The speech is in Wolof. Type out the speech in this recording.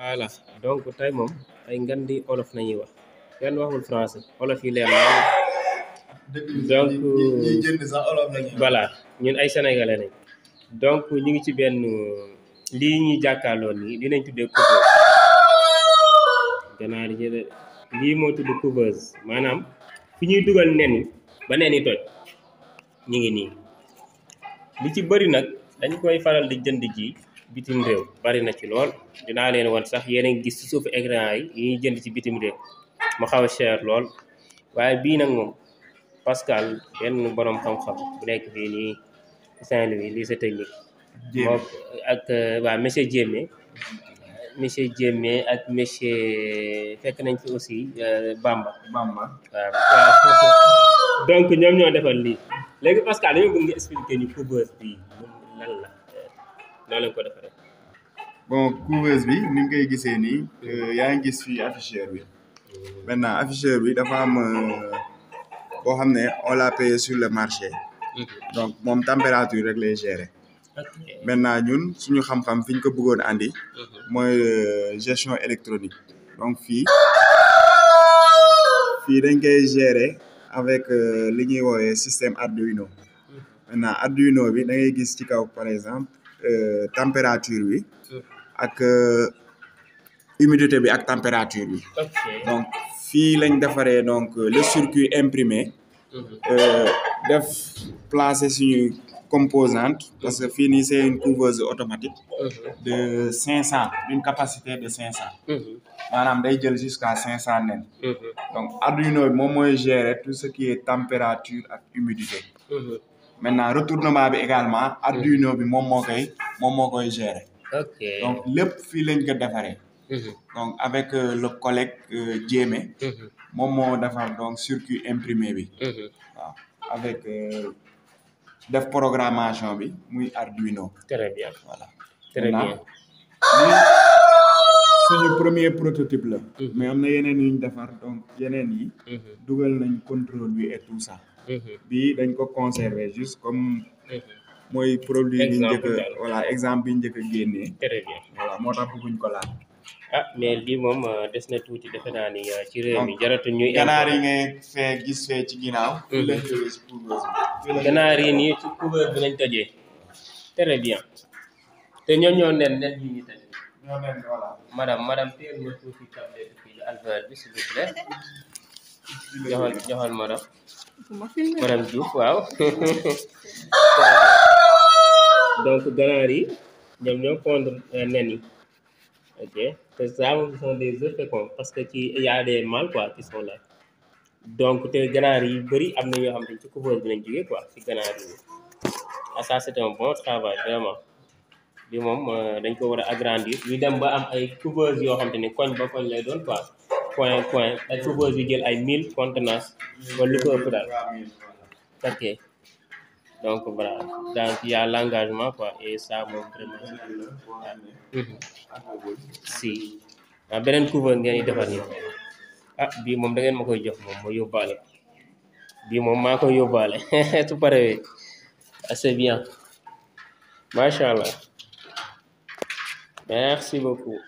voilà donc tey moom ay ngan olof nañuy wax kenn waxul français olof yi leen donc ñi jënd ay sénégalais lañ donc ñu ngi ci benn lii ñuy jàkkaarloo nii dinañ tuddee couveuse ganaar yi lii moo tudd couveuse maanaam fi ñuy dugal nen yi ba nen yi toj ñu ngi nii li ci bari nag dañ koy faral di jënd ji bitim réew bari na ci lool dinaa leen wan sax yéen ngi gis ci suufu écran yi yi jënd ci bitim réew mu xaw a cher lool waaye bii nag moom Pascal benn borom xam-xam bu nekk fii nii Saint-Louis lycée technique moom ak waa monsieur Diémé monsieur ak monsieur fekk nañ ci aussi euh, Bamba Bamba donc ñoom ñoo defal lii léegi Pascal dañoo bëgg nga expliquer ñu couveuse bi noo quoi ko defee bon couveuse bi ni nga koy gisee nii euh, yaa ngi gis fii afficheur bi maintenant afficheur bi dafa am euh, boo xam on l'a payé sur le marché mm-hmm. donc moom température rek lay gérer maintenant ñun suñu xam-xam fi ñu ko bëggoon andi mm-hmm. mooy euh, gestion électronique donc fii fii dañ koy gérer avec li ñuy système Arduino mm-hmm. maintenant Arduino bi da ngay gis ci kaw par exemple euh, température bi ak euh, humidité bi température donc fi lañ donc euh, le circuit imprimé mhm. def placer une composante parce que fini c'est une couveuse automatique mhm. de 500 d'une capacité de 500 mhm. madame day jusqu'à 500 donc Arduino bi gérer tout ce qui est température ak humidité maintenant retournement bi également. Arduino bi moom moo koy moom gérer. donc lépp fii lañ ko defaree. Mhm. donc avec euh, le collègue euh, Diémé. Mhm. moom moo defar donc circuit imprimé bi. Mhm. avec euh, def programmation bi Arduino. très bien voilà. très bien. premier prototype la. Mhm. mais am na yeneen yu ñu defar donc mhm. dugal nañ contrôle bi et tout ça. Mhm. bii dañ ko conserver juste comme. mooy produit bi njëkk a voilà exemple bi njëkk a génnee. très bien moo tax bëgguñ ko laal. ah mais lii moom euh, des na tuuti defe naa ni euh, ci réew mi jaratu ñuy. ganaar yi ngay fee gis fee ci ginnaaw. fii lañ tojee yi nii ci couveuse bi lañ tojee. ñu toj. ñoo mel ni voilà. madame madame teel ma tuuti tablette bi alphabet bi s'il vous plaît. joxal joxal madame. madame ah! donc ganaar yi ñoom ñoo pondre euh, nen ok te ça des œufs parce que ci y a des mâles quoi donc te ganaar yi bëri am na ñoo xam ne ci couveuse bi lañ jógee quoi ci ganaar yi ah ça c'est bon travail vraiment. bi moom euh, dañ ko war a agrandir ñu dem ba am ay couveuse yoo xam te ne koñ ba koñ lay doon quoi point point ay couveuse yu jël ay mille contenance wala lu ko ëpp ok donc voilà donc y l'engagement quoi et ça moom mhm. si waaw ah, beneen couveuse ngeen di defar ni ah bii moom da ngeen ma koy jox moom ma yóbbaale bii moom maa koy yóbbaale su paree assez bien macha allah Merci beaucoup.